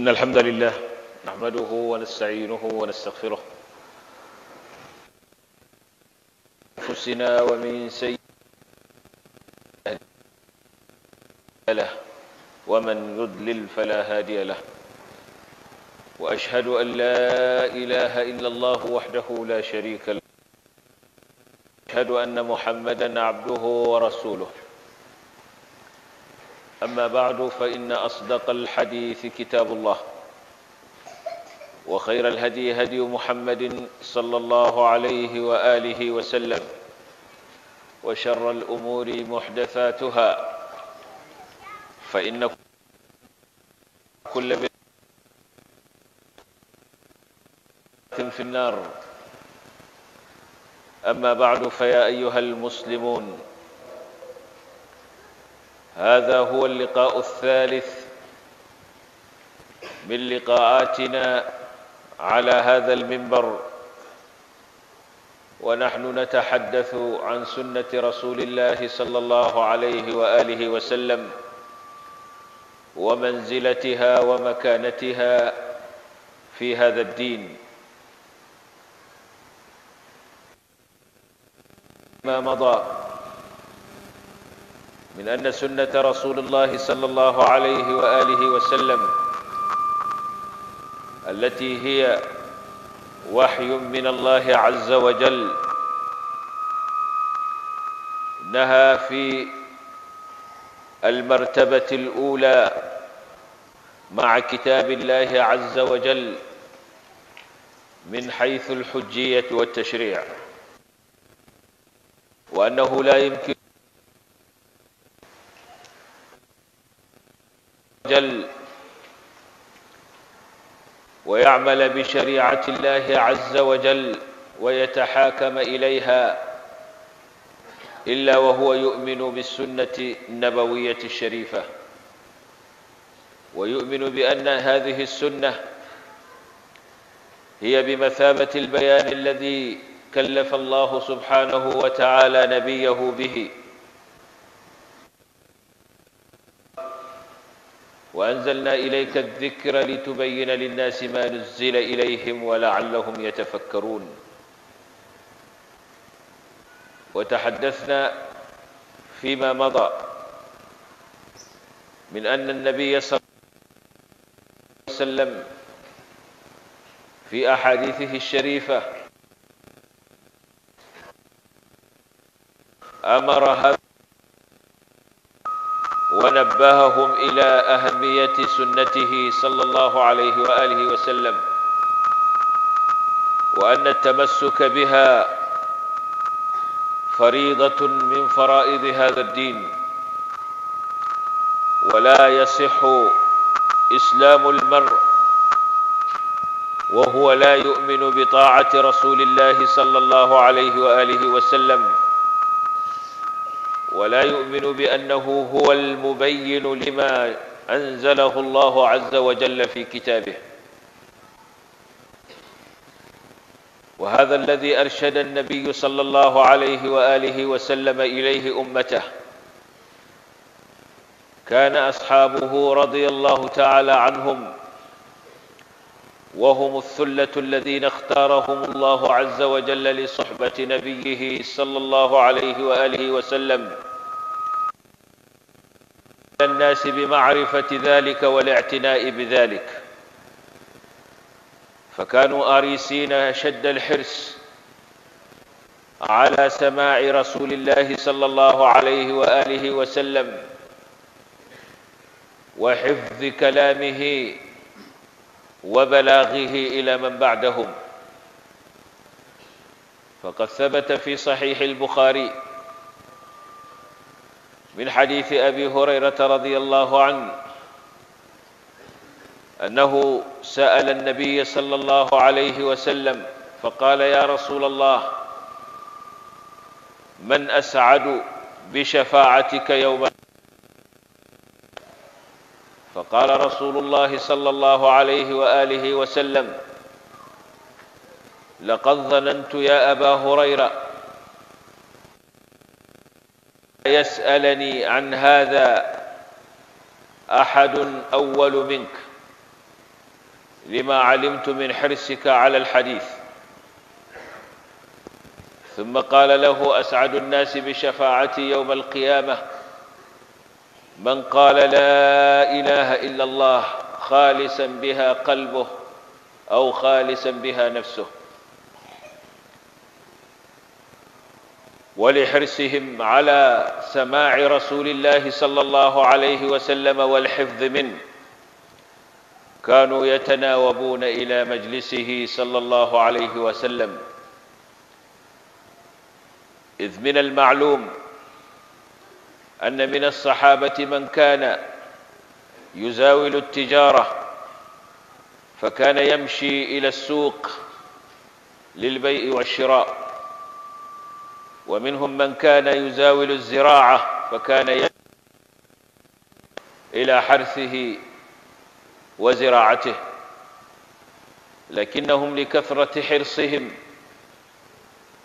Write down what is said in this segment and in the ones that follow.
إن الحمد لله نحمده ونستعينه ونستغفره أنفسنا ومن سيئات له ومن يضلل فلا هادي له وأشهد أن لا إله إلا الله وحده لا شريك له أشهد أن محمدا عبده ورسوله أما بعد فإن أصدق الحديث كتاب الله وخير الهدي هدي محمد صلى الله عليه وآله وسلم وشر الأمور محدثاتها فإن كل في النار أما بعد فيا أيها المسلمون هذا هو اللقاء الثالث من لقاءاتنا على هذا المنبر ونحن نتحدث عن سنة رسول الله صلى الله عليه وآله وسلم ومنزلتها ومكانتها في هذا الدين ما مضى من أن سنة رسول الله صلى الله عليه وآله وسلم التي هي وحي من الله عز وجل نهى في المرتبة الأولى مع كتاب الله عز وجل من حيث الحجية والتشريع وأنه لا يمكن وجل ويعمل بشريعة الله عز وجل ويتحاكم إليها إلا وهو يؤمن بالسنة النبوية الشريفة ويؤمن بأن هذه السنة هي بمثابة البيان الذي كلف الله سبحانه وتعالى نبيه به وأنزلنا إليك الذكر لتبين للناس ما نزل إليهم ولعلهم يتفكرون وتحدثنا فيما مضى من أن النبي صلى الله عليه وسلم في أحاديثه الشريفة أمر هذا ونبههم إلى أهمية سنته صلى الله عليه وآله وسلم وأن التمسك بها فريضة من فرائض هذا الدين ولا يصح إسلام المرء وهو لا يؤمن بطاعة رسول الله صلى الله عليه وآله وسلم ولا يؤمن بأنه هو المبين لما أنزله الله عز وجل في كتابه وهذا الذي أرشد النبي صلى الله عليه وآله وسلم إليه أمته كان أصحابه رضي الله تعالى عنهم وهم الثلة الذين اختارهم الله عز وجل لصحبة نبيه صلى الله عليه وآله وسلم الناس بمعرفة ذلك والاعتناء بذلك فكانوا آريسين شد الحرص على سماع رسول الله صلى الله عليه وآله وسلم وحفظ كلامه وبلاغه إلى من بعدهم فقد ثبت في صحيح البخاري من حديث أبي هريرة رضي الله عنه أنه سأل النبي صلى الله عليه وسلم فقال يا رسول الله من أسعد بشفاعتك يوم فقال رسول الله صلى الله عليه وآله وسلم لقد ظننت يا أبا هريرة يسألني عن هذا أحد أول منك لما علمت من حرصك على الحديث ثم قال له أسعد الناس بشفاعتي يوم القيامة من قال لا إله إلا الله خالصا بها قلبه أو خالصا بها نفسه ولحرصهم على سماع رسول الله صلى الله عليه وسلم والحفظ منه كانوا يتناوبون إلى مجلسه صلى الله عليه وسلم إذ من المعلوم أن من الصحابة من كان يزاول التجارة فكان يمشي إلى السوق للبيع والشراء ومنهم من كان يزاول الزراعة فكان إلى حرثه وزراعته لكنهم لكثرة حرصهم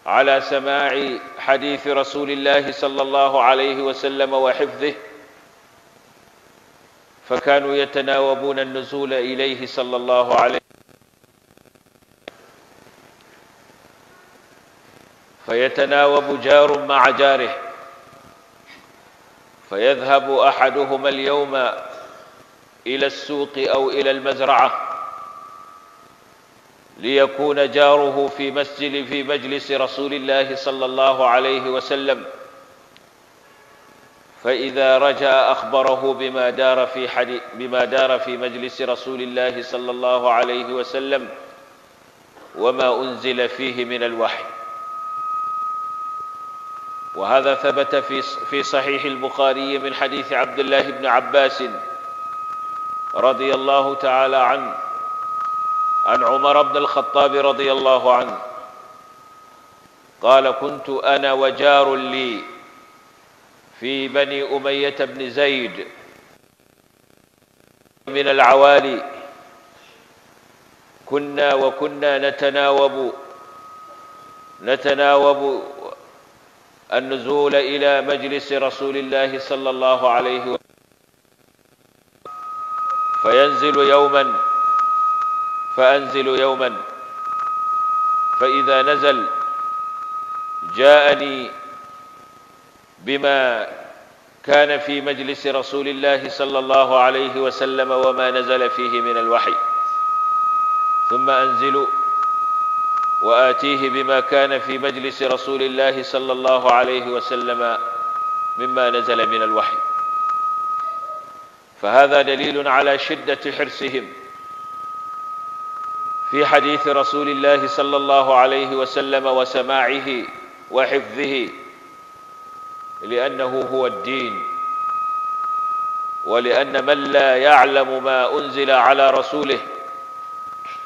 على سماع حديث رسول الله صلى الله عليه وسلم وحفظه فكانوا يتناوبون النزول إليه صلى الله عليه وسلم فيتناوب جار مع جاره فيذهب احدهما اليوم الى السوق او الى المزرعه ليكون جاره في مسجد في مجلس رسول الله صلى الله عليه وسلم فإذا رجع أخبره بما دار في بما دار في مجلس رسول الله صلى الله عليه وسلم وما أنزل فيه من الوحي وهذا ثبت في في صحيح البخاري من حديث عبد الله بن عباس رضي الله تعالى عنه عن عمر بن الخطاب رضي الله عنه قال كنت انا وجار لي في بني اميه بن زيد من العوالي كنا وكنا نتناوب نتناوب النزول إلى مجلس رسول الله صلى الله عليه وسلم فينزل يوما فأنزل يوما فإذا نزل جاءني بما كان في مجلس رسول الله صلى الله عليه وسلم وما نزل فيه من الوحي ثم أنزل واتيه بما كان في مجلس رسول الله صلى الله عليه وسلم مما نزل من الوحي فهذا دليل على شده حرصهم في حديث رسول الله صلى الله عليه وسلم وسماعه وحفظه لانه هو الدين ولان من لا يعلم ما انزل على رسوله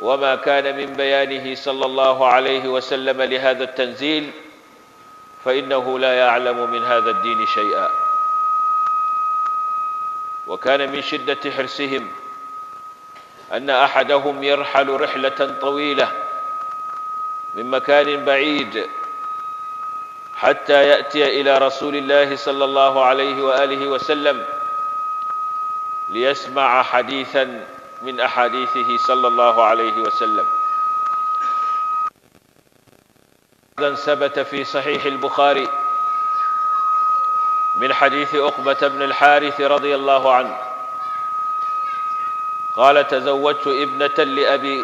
وما كان من بيانه صلى الله عليه وسلم لهذا التنزيل فإنه لا يعلم من هذا الدين شيئا وكان من شدة حرصهم أن أحدهم يرحل رحلة طويلة من مكان بعيد حتى يأتي إلى رسول الله صلى الله عليه وآله وسلم ليسمع حديثاً من أحاديثه صلى الله عليه وسلم ايضا ثبت في صحيح البخاري من حديث عقبة بن الحارث رضي الله عنه قال تزوجت ابنة لأبي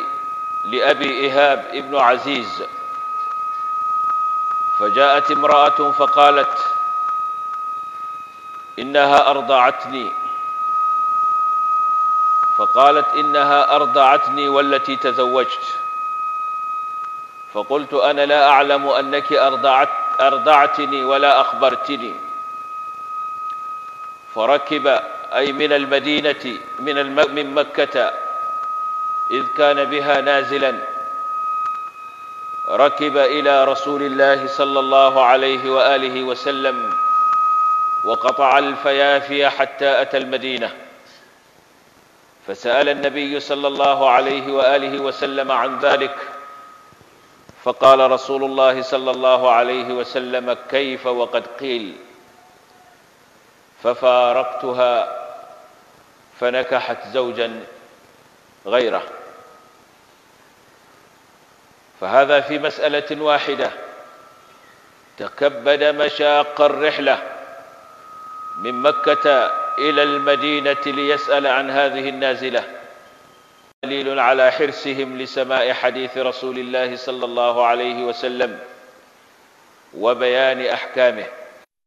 لأبي إيهاب ابن عزيز فجاءت امرأة فقالت إنها أرضعتني فقالت إنها أرضعتني والتي تزوجت فقلت أنا لا أعلم أنك أرضعت أرضعتني ولا أخبرتني فركب أي من المدينة من من مكة إذ كان بها نازلا ركب إلى رسول الله صلى الله عليه وآله وسلم وقطع الفيافي حتى أتى المدينة فسال النبي صلى الله عليه واله وسلم عن ذلك فقال رسول الله صلى الله عليه وسلم كيف وقد قيل ففارقتها فنكحت زوجا غيره فهذا في مساله واحده تكبد مشاق الرحله من مكه إلى المدينة ليسأل عن هذه النازلة دليل على حرصهم لسماع حديث رسول الله صلى الله عليه وسلم وبيان أحكامه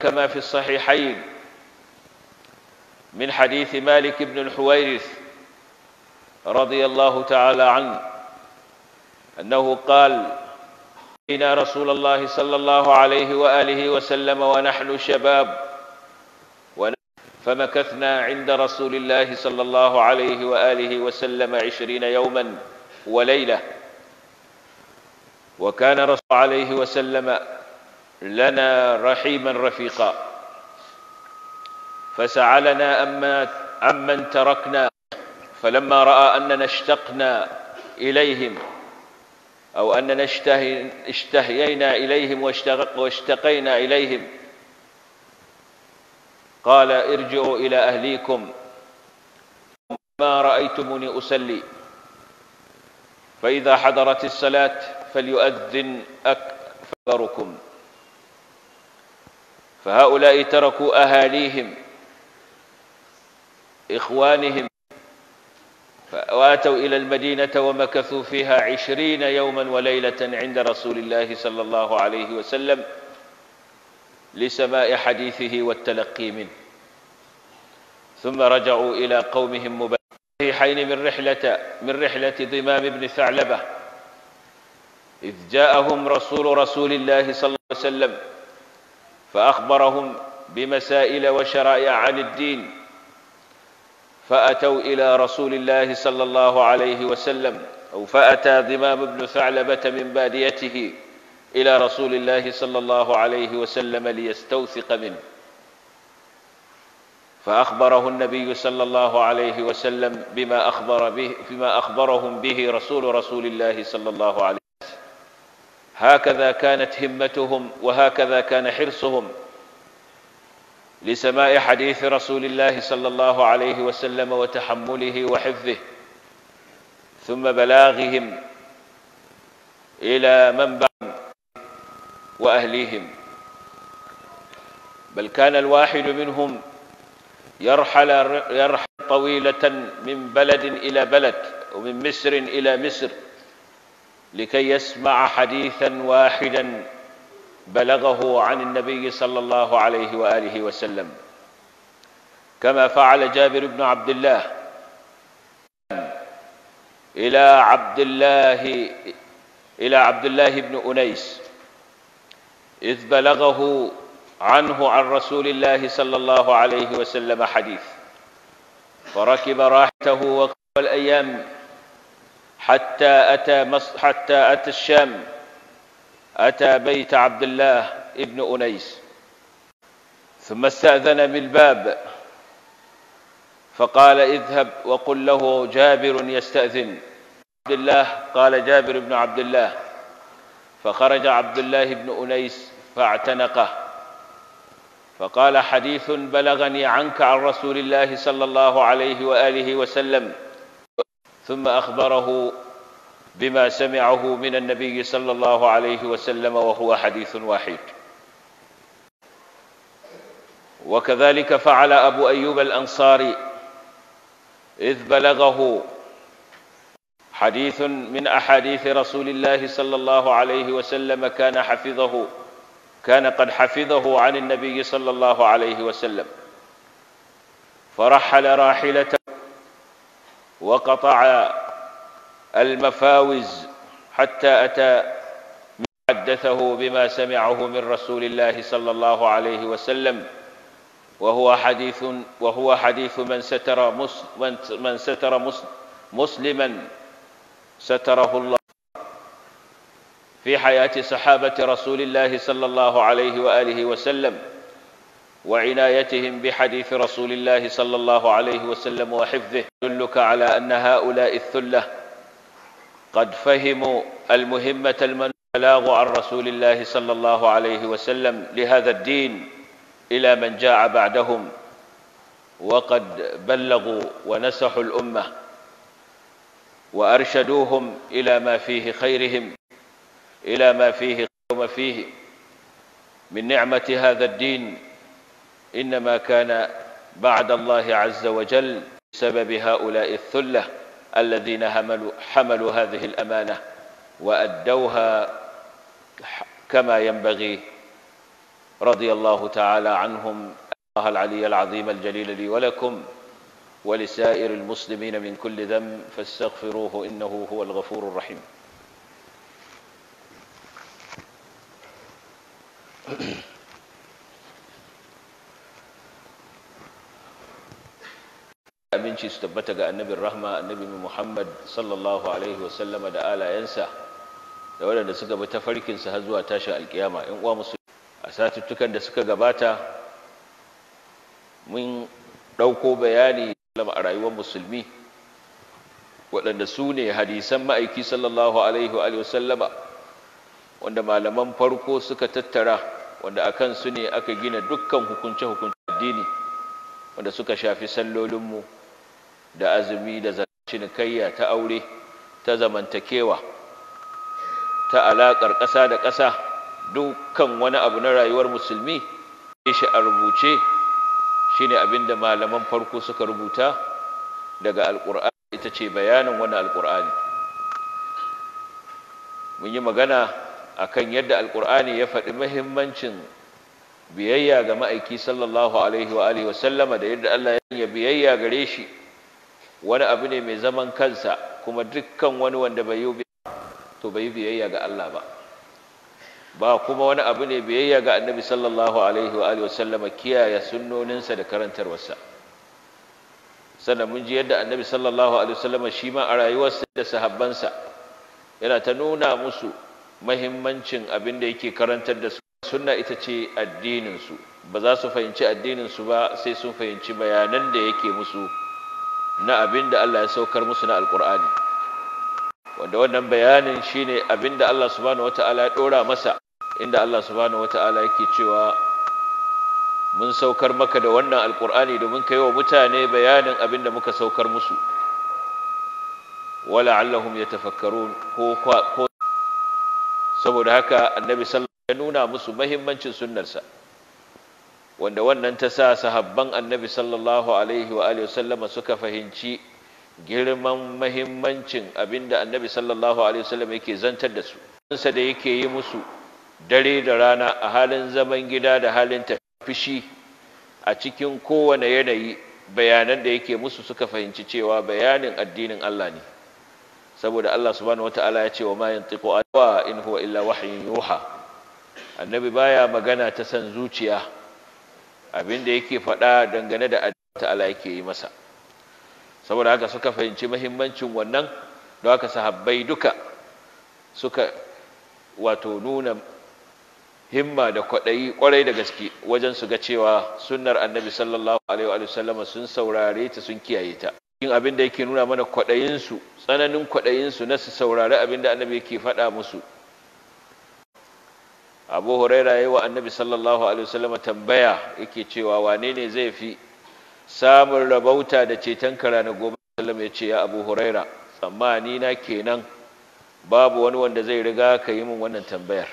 كما في الصحيحين من حديث مالك بن الحويرث رضي الله تعالى عنه أنه قال إن رسول الله صلى الله عليه وآله وسلم ونحن شباب فمكثنا عند رسول الله صلى الله عليه وآله وسلم عشرين يوما وليلة وكان رسول عليه وسلم لنا رحيما رفيقا فسعلنا أما عمن تركنا فلما رأى أننا اشتقنا إليهم أو أننا اشتهينا إليهم واشتقينا إليهم قال ارجعوا إلى أهليكم ما رأيتمني أسلي فإذا حضرت الصلاة فليؤذن أكبركم فهؤلاء تركوا أهاليهم إخوانهم واتوا إلى المدينة ومكثوا فيها عشرين يوما وليلة عند رسول الله صلى الله عليه وسلم لسماع حديثه والتلقي منه ثم رجعوا إلى قومهم مبارحين من رحلة من رحلة ضمام بن ثعلبة إذ جاءهم رسول رسول الله صلى الله عليه وسلم فأخبرهم بمسائل وشرائع عن الدين فأتوا إلى رسول الله صلى الله عليه وسلم أو فأتى ضمام بن ثعلبة من باديته إلى رسول الله صلى الله عليه وسلم ليستوثق منه فأخبره النبي صلى الله عليه وسلم بما أخبر به بما أخبرهم به رسول رسول الله صلى الله عليه وسلم هكذا كانت همتهم وهكذا كان حرصهم لسماع حديث رسول الله صلى الله عليه وسلم وتحمله وحفظه ثم بلاغهم إلى بعد واهليهم بل كان الواحد منهم يرحل يرحل طويله من بلد الى بلد ومن مصر الى مصر لكي يسمع حديثا واحدا بلغه عن النبي صلى الله عليه واله وسلم كما فعل جابر بن عبد الله الى عبد الله الى عبد الله بن انيس إذ بلغه عنه عن رسول الله صلى الله عليه وسلم حديث فركب راحته وقف الأيام حتى أتى, مص... حتى أتى الشام أتى بيت عبد الله ابن أنيس ثم استأذن بالباب فقال اذهب وقل له جابر يستأذن عبد الله قال جابر بن عبد الله فخرج عبد الله بن أنيس فاعتنقه فقال حديث بلغني عنك عن رسول الله صلى الله عليه وآله وسلم ثم أخبره بما سمعه من النبي صلى الله عليه وسلم وهو حديث واحد وكذلك فعل أبو أيوب الأنصاري إذ بلغه حديث من أحاديث رسول الله صلى الله عليه وسلم كان حفظه كان قد حفظه عن النبي صلى الله عليه وسلم فرحل راحلته وقطع المفاوز حتى أتى حدثه بما سمعه من رسول الله صلى الله عليه وسلم وهو حديث وهو حديث من ستر من ستر مسلما ستره الله في حياة صحابة رسول الله صلى الله عليه وآله وسلم وعنايتهم بحديث رسول الله صلى الله عليه وسلم وحفظه يدلك على أن هؤلاء الثلة قد فهموا المهمة البلاغ عن رسول الله صلى الله عليه وسلم لهذا الدين إلى من جاء بعدهم وقد بلغوا ونسحوا الأمة وارشدوهم الى ما فيه خيرهم الى ما فيه قوم فيه من نعمه هذا الدين انما كان بعد الله عز وجل بسبب هؤلاء الثله الذين حملوا, حملوا هذه الامانه وادوها كما ينبغي رضي الله تعالى عنهم الله العلي العظيم الجليل لي ولكم ولسائر المسلمين من كل ذنب فاستغفروه انه هو الغفور الرحيم aminci su tabbata ga annabin rahma annabi muhammad sallallahu alaihi wasallama da alayensa da waɗanda suka bi ta farkinsa har zuwa tashin alkiyama in uwa musu a satuttukan da suka gabata mun ɗauko bayani a rayuwar musulmi waɗanda su ne hadisan ma'aiki sallallahu alaihi wa sallama wanda malaman farko suka tattara wanda a su ne aka gina dukkan hukunce-hukunce addini wanda suka shafi sallolinmu da azumi da cinikayya ta aure ta zamantakewa ta alaƙar ƙasa da ƙasa dukkan wani abu na rayuwar musulmi shi a rubuce shine abinda malaman farko suka rubuta daga alqur'ani ita ce bayanin wani alqur'ani mun yi magana akan yadda alqur'ani ya faɗi mahimmancin biyayya ga ma'aiki sallallahu alaihi wa alihi wasallama da yadda Allah ya biyayya gare shi wani abu ne mai zaman kansa kuma dukkan wani wanda bai yi to bai biyayya ga Allah ba ba kuma wani abu ne biyayya ga annabi sallallahu alaihi wa alihi wasallama kiyaye sunnoninsa da karantarwarsa sannan mun ji yadda annabi sallallahu alaihi wasallama shi ma a rayuwarsa da sahabbansa yana ta nuna musu mahimmancin abin da yake karantar da su sunna ita ce addininsu ba za su fahimci addininsu ba sai sun fahimci bayanan da yake musu na abin da Allah ya saukar musu na alkur'ani wanda wannan bayanin shine abin da Allah subhanahu wata'ala ya ɗora masa inda Allah subhanahu wata'ala yake cewa mun saukar maka da wannan alkur'ani domin ka yi wa mutane bayanin abin da muka saukar musu wala allahum ya tafakkaru ko saboda haka annabi sallallahu ya nuna musu mahimmancin sunnarsa wanda wannan ta sa sahabban annabi sallallahu alaihi wa alihi wasallama suka fahimci girman mahimmancin abinda annabi sallallahu alaihi wasallam yake zantar da su da yake yi musu dare da rana a halin zaman gida da halin tafishi a cikin kowane yanayi bayanan da yake musu suka fahimci cewa bayanin addinin Allah ne saboda Allah subhanahu wata'ala ya ce wa ma yantiqu in huwa illa wahyin yuha annabi baya magana ta san zuciya abinda yake faɗa dangane da addinin ta'ala yake yi masa saboda haka suka fahimci muhimmancin wannan da haka sahabbai duka suka wato nuna himma da kwaɗayi ƙwarai da gaske wajen su ga cewa sunnar annabi sallallahu alaihi wa sallama sun saurare ta sun kiyaye ta cikin abin da yake nuna mana kwaɗayinsu tsananin kwaɗayinsu na su saurari abin da annabi yake faɗa musu abu huraira ya wa annabi sallallahu alaihi wasallama tambaya yake cewa wane ne zai fi samun rabauta da ceton kara na goma sallama ya ce ya abu huraira tsammani na kenan babu wani wanda zai riga ka yi min wannan tambayar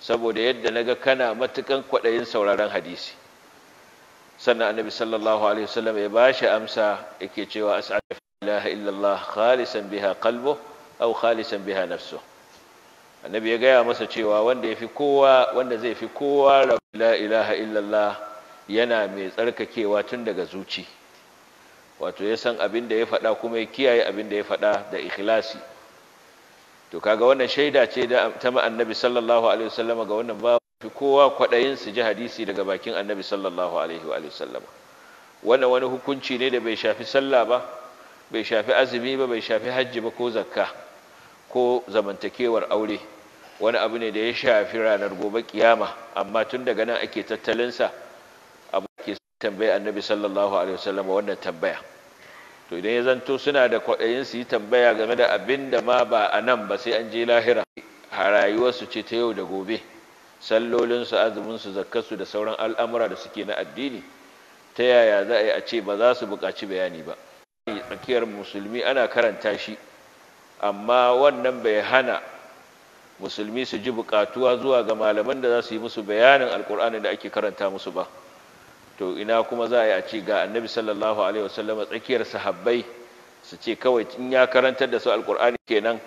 saboda yadda na ga kana matukan kwaɗayin sauraron hadisi sannan annabi sallallahu alaihi wasallam ya bashi amsa yake cewa as'ala ilaha illallah khalisan biha qalbu aw khalisan biha nafsu annabi ya gaya masa cewa wanda yafi kowa wanda zai fi kowa la ilaha illallah yana mai tsarkakewa tun daga zuci wato ya san abin da ya faɗa kuma ya kiyaye abin da ya faɗa da ikhlasi to kaga wannan shaida ce da ta annabi sallallahu alaihi wasallama ga wannan babu fi kowa kwaɗayin su ji hadisi daga bakin annabi sallallahu alaihi wa sallama wannan wani hukunci ne da bai shafi sallah ba bai shafi azumi ba bai shafi hajji ba ko zakka ko zamantakewar aure wani abu ne da ya shafi ranar gobe kiyama amma tun daga nan ake tattalinsa abu ke tambaye annabi sallallahu alaihi wasallama wannan tambaya to idan ya zanto suna da kwaɗayin su yi tambaya game da abin da ma ba a nan ba sai an je lahira a rayuwarsu ce ta yau da gobe sallolinsu azuminsu zakkarsu da sauran al'amura da suke na addini ta yaya za a yi a ce ba za su buƙaci bayani ba tsakiyar musulmi ana karanta shi amma wannan bai hana musulmi su ji buƙatuwa zuwa ga malaman da za su yi musu bayanin alƙur'anin da ake karanta musu ba to ina kuma za a yi a ci ga annabi sallallahu alaihi wasallam tsakiyar sahabbai su ce kawai in ya karantar da su alkur'ani kenan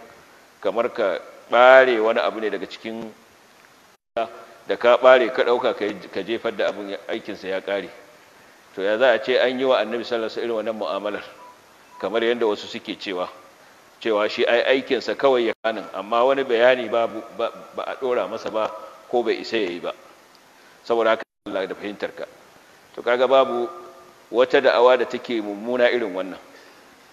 kamar ka bare wani abu ne daga cikin da ka bare ka dauka ka jefar da abin aikinsa ya kare to ya za a ce an yi wa annabi sallallahu alaihi wasallam mu'amalar kamar yadda wasu suke cewa cewa shi ai aikinsa kawai ya kanin amma wani bayani ba ba a dora masa ba ko bai isa yayi ba saboda haka Allah da fahimtar ka. to kaga babu wata da'awa da take mummuna irin wannan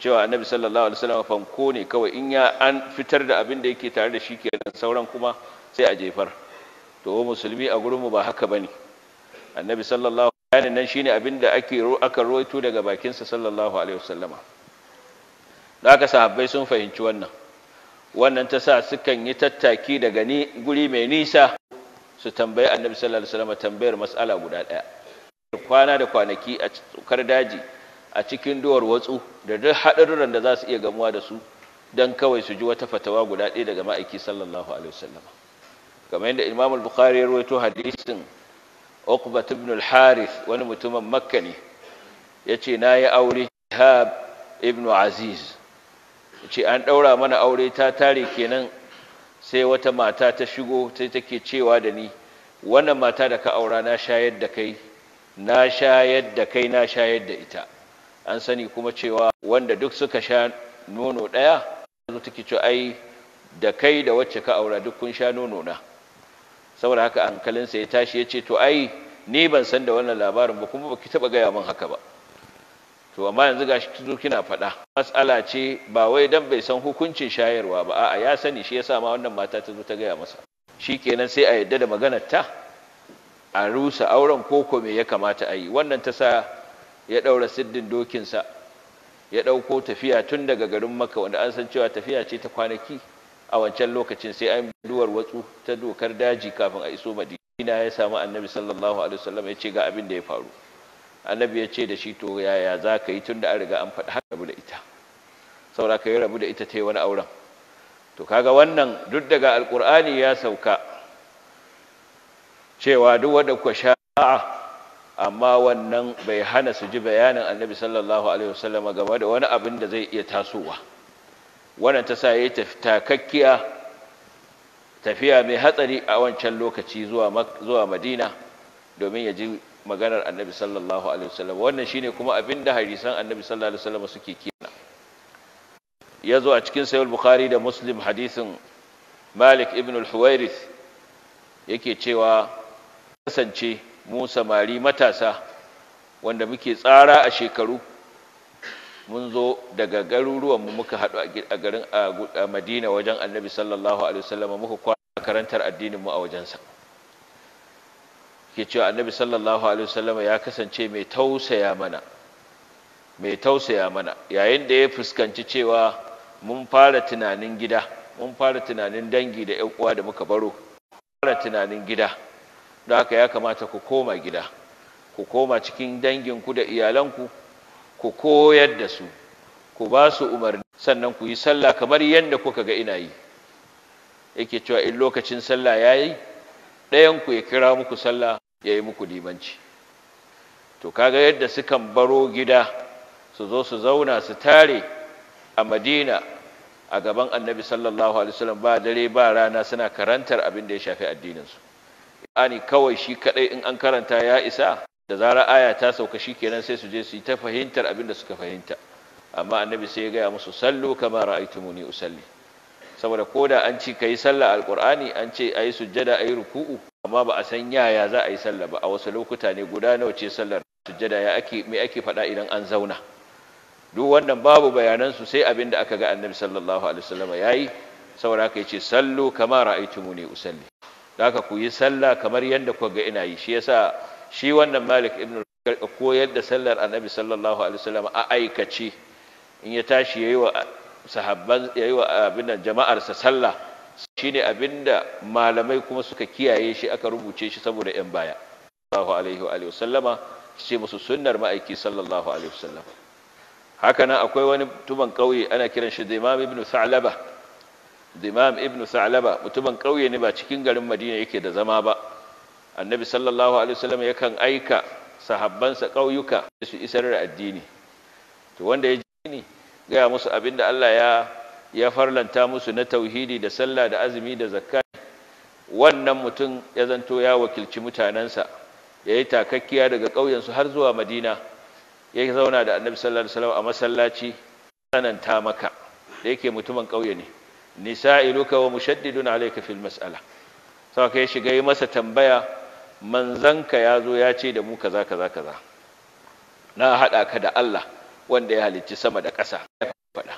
cewa annabi sallallahu alaihi wasallam fanko ne kawai in ya an fitar da abin da yake tare da shi kenan sauran kuma sai a jefar to musulmi a gurin mu ba haka bane annabi sallallahu alaihi nan shine abin da ake aka roito daga bakinsa sallallahu alaihi wasallama da aka sahabbai sun fahimci wannan wannan ta sa sukan yi tattaki daga ni guri mai nisa su tambayi annabi sallallahu alaihi wasallama tambayar mas'ala guda ɗaya kwana da kwanaki a tsukar daji a cikin duwar watsu da duk haɗaruran da za su iya gamuwa da su don kawai su ji wata fatawa guda ɗaya daga ma'aiki sallallahu alaihi wasallam kamar yadda imam al-bukhari ya rawaito hadisin uqbat ibn al-harith wani mutumin makka ne yace nayi aure hab ibn aziz yace an daura mana aure ta tare kenan sai wata mata ta shigo sai take cewa da ni wannan mata da ka aura na shayar da kai na shayar da kai na shayar da ita an sani kuma cewa wanda duk suka sha nono ɗaya yanzu take cewa ai da kai da wacce ka aura duk kun sha nono na saboda haka hankalinsa ya tashi ya ce to ai ni ban san da wannan labarin ba kuma baki taba gaya min haka ba to amma yanzu gashi kizo kina faɗa matsala ce ba wai dan bai san hukuncin shayarwa ba a'a ya sani shi yasa ma wannan mata ta zo ta gaya masa shikenan sai a yadda da maganar ta a rusa auren koko me ya kamata a yi wannan ta sa ya ɗaura siddin dokinsa ya ɗauko tafiya tun daga garin maka wanda an san cewa tafiya ce ta kwanaki a wancan lokacin sai an duwar watsu ta dokar daji kafin a iso madina ya samu annabi sallallahu alaihi wasallam ya ce ga abin da ya faru annabi ya ce da shi to yaya za ka yi tun da an riga an faɗi rabu da ita saboda ka yi rabu da ita ta yi wani auren to kaga wannan duk daga alkur'ani ya sauka cewa duk wanda kuka sha'a amma wannan bai hana su ji bayanin annabi sallallahu alaihi wasallam game da wani abin da zai iya tasowa wannan ta sa yayi takakkiya tafiya mai hatsari a wancan lokaci zuwa zuwa Madina domin ya ji maganar annabi sallallahu alaihi wasallam wannan shine kuma abin da hadisan annabi sallallahu alaihi wasallam suke kiyana ya zo a cikin sahih bukhari da muslim hadisin malik ibn al-huwairith yake cewa kasance mu samari matasa wanda muke tsara a shekaru mun zo daga garuruwanmu muka hadu a garin a madina wajen annabi sallallahu alaihi wasallam muka kwana karantar addininmu a wajensa ke cewa annabi sallallahu alaihi wasallam ya kasance mai tausaya mana mai tausaya mana yayin da ya fuskanci cewa mun fara tunanin gida mun fara tunanin dangi da ƴan uwa da muka baro fara tunanin gida don haka ya kamata ku koma gida ku koma cikin danginku da iyalanku ku koyar da su ku ba su umarni sannan ku yi sallah kamar yadda kuka ga ina yi yake cewa in lokacin sallah ya yi ɗayanku ya kira muku sallah ya yi muku limanci to kaga yadda sukan baro gida su zo su zauna su tare a madina a gaban annabi sallallahu alaihi wasallam ba dare ba rana suna karantar abin da ya shafi addininsu ani kawai shi kadai in an karanta ya isa da zara aya ta sauka shi kenan sai su je su yi ta fahimtar abin da suka fahimta amma annabi sai ya gaya musu sallu kama ra'aytumuni usalli saboda koda an ci kai sallah alqur'ani an ce ayi sujjada ayi ruku'u amma ba a san yaya za a yi sallah ba a wasu lokuta ne guda nawa ce sallar sujjada ya ake me ake faɗa idan an zauna duk wannan babu bayanan su sai abin da aka ga annabi sallallahu alaihi wasallam yayi saboda haka yace sallu kama ra'aytumuni usalli haka ku yi sallah kamar yadda ku ga ina yi shi yasa shi wannan malik ibn ko yadda sallar annabi sallallahu alaihi wasallam a aikace in ya tashi yayi wa sahabban yayi wa abin jama'ar sa sallah shine abinda malamai kuma suka kiyaye shi aka rubuce shi saboda yan baya sallallahu alaihi wa alihi wasallama ce musu sunnar ma'aiki sallallahu alaihi wasallam haka nan akwai wani tuban kauye ana kiran shi da imam ibn sa'labah Imam ibn sa'laba mutumin ƙauye ne ba cikin garin madina yake da zama ba annabi sallallahu alaihi wasallam yakan aika sahabbansa ƙauyuka su isar da addini to wanda ya ji ni gaya musu abin da Allah ya ya farlanta musu na tauhidi da sallah da azumi da zakka wannan mutum ya zanto ya wakilci mutanensa ya yi takakkiya daga ƙauyensu har zuwa madina ya zauna da annabi sallallahu alaihi wasallam a masallaci tsananta maka da yake mutumin ƙauye ne nisa'iluka wa mushaddidun alayka fil mas'ala saka ya shiga yi masa tambaya manzanka ya zo ya ce da mu kaza kaza kaza na haɗa ka da Allah wanda ya halicci sama da ƙasa faɗa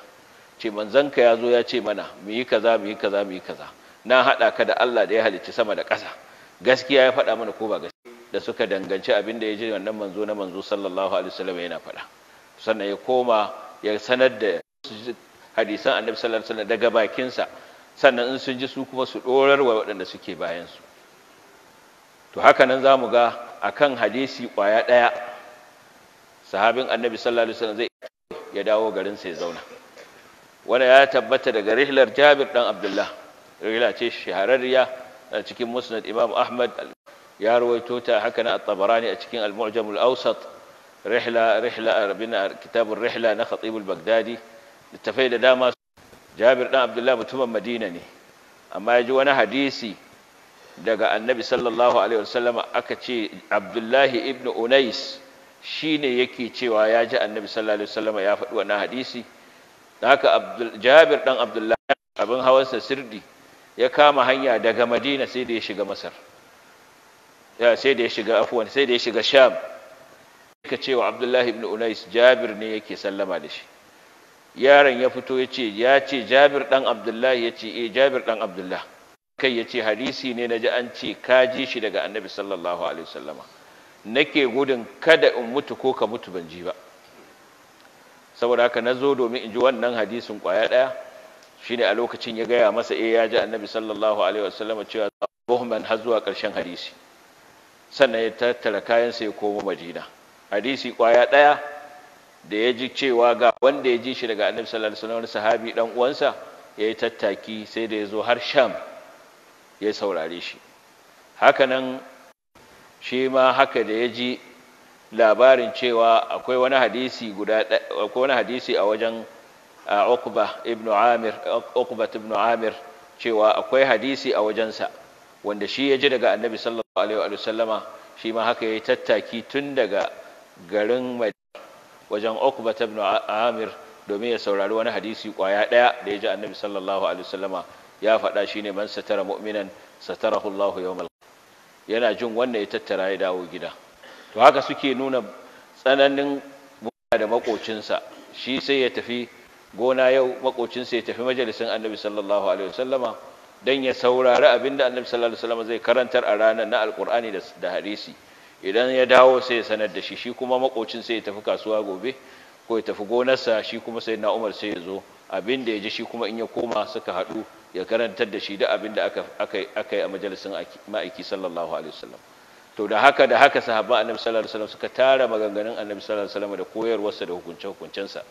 ce manzanka ya zo ya ce mana mu yi kaza mu yi kaza mu yi kaza na haɗa ka da Allah da ya halicci sama da ƙasa gaskiya ya faɗa mana ko ba gaskiya da suka danganci abin da ya ji wannan manzo na manzo sallallahu alaihi wasallam yana faɗa sannan ya koma ya sanar da hadisan annabi sallallahu alaihi daga bakinsa sannan in sun ji su kuma su dorar wa waɗanda suke bayan su to haka nan za mu ga kan hadisi ƙwaya ɗaya sahabin annabi sallallahu alaihi zai ya dawo garin sai zauna wanda ya tabbata daga rihlar jabir dan abdullah rihla ce shahararriya a cikin musnad imam ahmad ya rawaito ta haka na tabarani a cikin al-mu'jam al-awsat rihla rihla kitabun rihla na khatib al-baghdadi littafai da dama jabir dan abdullah mutumin madina ne amma ya ji wani hadisi daga annabi sallallahu alaihi wasallam aka ce abdullahi ibn unais shi ne yake cewa ya ji annabi sallallahu alaihi wasallam ya faɗi wannan hadisi haka jabir dan abdullahi abin hawansa sirdi ya kama hanya daga madina sai da ya shiga masar sai da ya shiga afwan sai da ya shiga sham ka cewa abdullahi ibn unais jabir ne yake sallama da shi yaron ya fito ya ce ya ce jabir ɗan abdullahi ya ce eh jabir ɗan abdullah kai ya ce hadisi ne na ji an ce ka ji shi daga annabi sallallahu alaihi wasallama nake gudun kada in mutu ko ka mutu ban ji ba saboda haka na zo domin in ji wannan hadisin kwaya ɗaya shine a lokacin ya gaya masa eh ya ji annabi sallallahu alaihi wasallama cewa buhman har zuwa ƙarshen hadisi sannan ya tattara kayan kayansa ya komo madina hadisi kwaya ɗaya da ya ji cewa ga wanda ya ji shi daga annabi sallallahu alaihi wasallam sahabi dan uwansa ya yi tattaki sai da ya zo har sham ya saurare shi hakanan shi ma haka da ya ji labarin cewa akwai wani hadisi guda akwai wani hadisi a wajen Uqba ibn Amir Uqba ibn Amir cewa akwai hadisi a wajensa wanda shi ya ji daga Annabi sallallahu alaihi wa sallama shi ma haka ya yi tattaki tun daga garin wajen Uqba ibn Amir domin ya saurari wani hadisi kwaya daya da ya ji Annabi sallallahu alaihi wasallama ya faɗa shine man satara mu'minan satarahu Allah yawmal yana jin wannan ya tattara ya dawo gida to haka suke nuna tsananin da makocinsa shi sai ya tafi gona yau makocinsa ya tafi majalisin Annabi sallallahu alaihi wasallama dan ya saurari abinda Annabi sallallahu alaihi wasallama zai karantar a ranar na Alkur'ani da hadisi idan ya dawo sai ya sanar da shi shi kuma makocin sai ya tafi kasuwa gobe ko ya tafi gonarsa shi kuma sai na umar sai ya zo abin da ya ji shi kuma in ya koma suka haɗu ya karantar da shi da abin da aka yi a majalisun ma'aiki sallallahu alaihi wasallam to da haka da haka sahabban annabi sallallahu alaihi wasallam suka tara maganganun annabi sallallahu alaihi wasallam da koyarwarsa da hukunce hukuncensa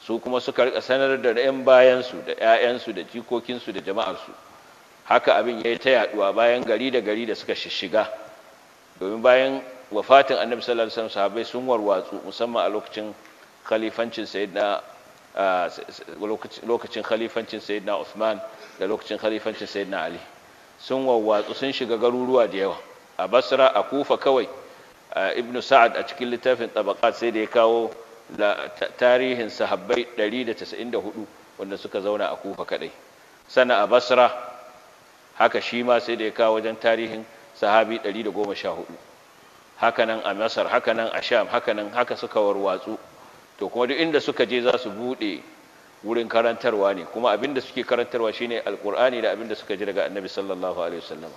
su kuma suka rika sanar da yan bayansu da ƴaƴansu da jikokinsu da jama'arsu haka abin ya yi ta yaduwa bayan gari da gari da suka shishiga domin bayan wafatin annabi sallallahu alaihi wasallam sahabbai sun warwatsu musamman a lokacin khalifancin sayyidina lokacin khalifancin sayyidina Uthman da lokacin khalifancin sayyidina Ali sun warwatsu sun shiga garuruwa da yawa a Basra a Kufa kawai Ibn Sa'ad a cikin littafin Tabaqat sai da ya kawo tarihin sahabbai 194 wanda suka zauna a Kufa kadai sana a Basra haka shi ma sai da ya kawo wajen tarihin sahabi 114 hakanan a masar hakanan a sham hakanan haka suka warwatsu to kuma duk inda suka je za su buɗe wurin karantarwa ne kuma abinda suke karantarwa shine alqur'ani da abinda suka ji daga annabi sallallahu alaihi wasallama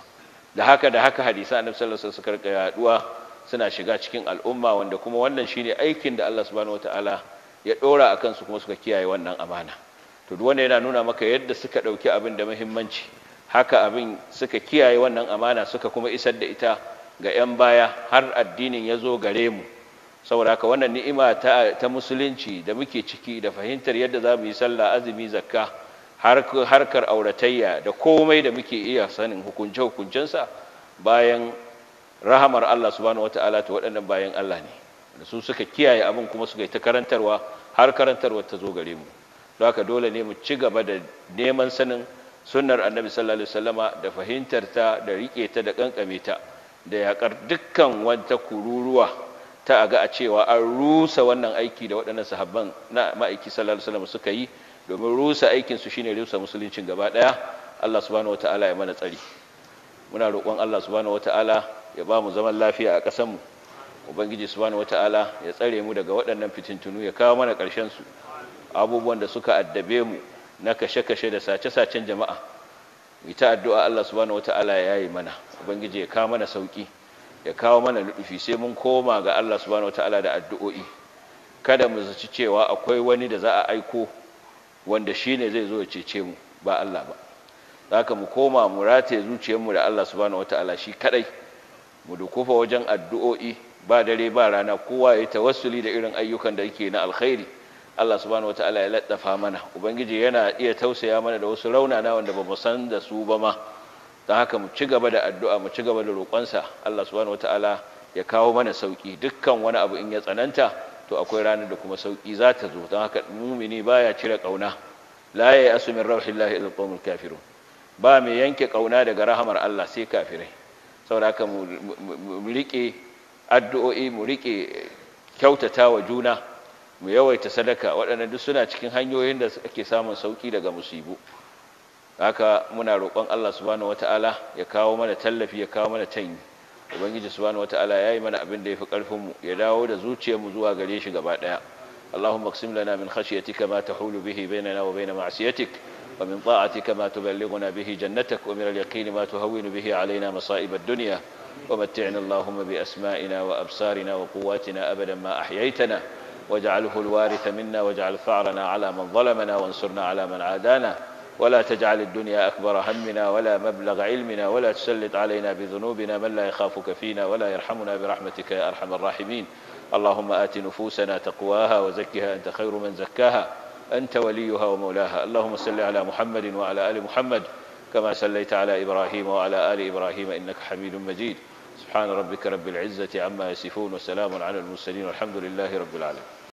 da haka da haka hadisa annabi sallallahu alaihi wasallam suka yaduwa suna shiga cikin al'umma wanda kuma wannan shine aikin da Allah subhanahu wataala ya dora akan su kuma suka kiyaye wannan amana to duk wanda yana nuna maka yadda suka dauki abin da muhimmanci haka abin suka kiyaye wannan amana suka kuma isar da ita ga 'yan baya har addinin ya zo gare mu saboda haka wannan ni'ima ta, musulunci da muke ciki da fahimtar yadda za mu yi sallah azumi zakka harkar auratayya da komai da muke iya sanin hukunce hukuncensa bayan rahamar Allah subhanahu wata'ala ta waɗannan bayan Allah ne da su suka kiyaye abin kuma suka yi ta karantarwa har karantarwa ta zo gare mu don haka dole ne mu ci gaba da neman sanin sunnar annabi sallallahu alaihi wasallama da fahimtar ta da rike ta da kankame ta da yaƙar dukkan wata kururuwa ta aga a cewa an rusa wannan aiki da waɗannan sahabban na ma'aiki sallallahu alaihi wasallam suka yi domin rusa aikin su shine rusa musuluncin gaba daya Allah subhanahu wataala ya mana tsari muna roƙon Allah subhanahu wataala ya ba mu zaman lafiya a ƙasar mu ubangiji subhanahu wataala ya tsare mu daga waɗannan fitintunu ya kawo mana ƙarshen su abubuwan da suka addabe mu na kashe-kashe da sace-sacen jama'a mu ta addu'a Allah subhanahu wata'ala ya yi mana ubangiji ya kawo mana sauki ya kawo mana nuɗufi, sai mun koma ga Allah subhanahu wata'ala da addu'o'i kada mu zaci cewa akwai wani da za a aiko wanda shi ne zai zo ya cece mu ba Allah ba zaka mu koma mu rataye zuciyarmu da Allah subhanahu wata'ala shi kadai mu dukufa wajen addu'o'i ba dare ba rana kowa ya tawassuli da irin ayyukan da yake na alkhairi Allah subhanahu wataala ya laddafa mana ubangiji yana iya tausaya mana da wasu raunana wanda ba mu san da su ba ma don haka mu ci gaba da addu'a mu ci gaba da roƙonsa Allah subhanahu wataala ya kawo mana sauki dukkan wani abu in ya tsananta to akwai ranar da kuma sauki za ta zo don haka mumini baya cire kauna la ya asu min rauhillahi ila qawmil kafirun ba mai yanke kauna daga rahamar Allah sai kafirai saboda haka mu riƙe addu'o'i mu riƙe kyautata wa juna mu yawaita sadaka waɗanda duk suna cikin hanyoyin da ake samun sauki daga musibu haka muna roƙon Allah subhanahu wata'ala ya kawo mana tallafi ya kawo mana tanyi ubangiji subhanahu wata'ala ya yi mana abin da ya fi ƙarfin mu ya dawo da zuciyar mu zuwa gare shi gaba ɗaya اللهم اقسم لنا من خشيتك ما تحول به بيننا وبين معصيتك ومن طاعتك ما تبلغنا به جنتك ومن اليقين ما تهون به علينا مصائب الدنيا ومتعنا اللهم بأسمائنا وأبصارنا وقواتنا أبدا ma أحييتنا واجعله الوارث منا واجعل ثأرنا على من ظلمنا وانصرنا على من عادانا ولا تجعل الدنيا أكبر همنا ولا مبلغ علمنا ولا تسلط علينا بذنوبنا من لا يخافك فينا ولا يرحمنا برحمتك يا أرحم الراحمين اللهم آت نفوسنا تقواها وزكها أنت خير من زكاها أنت وليها ومولاها اللهم صل على محمد وعلى آل محمد كما صليت على إبراهيم وعلى آل إبراهيم إنك حميد مجيد سبحان ربك رب العزة عما يصفون وسلام على المرسلين والحمد لله رب العالمين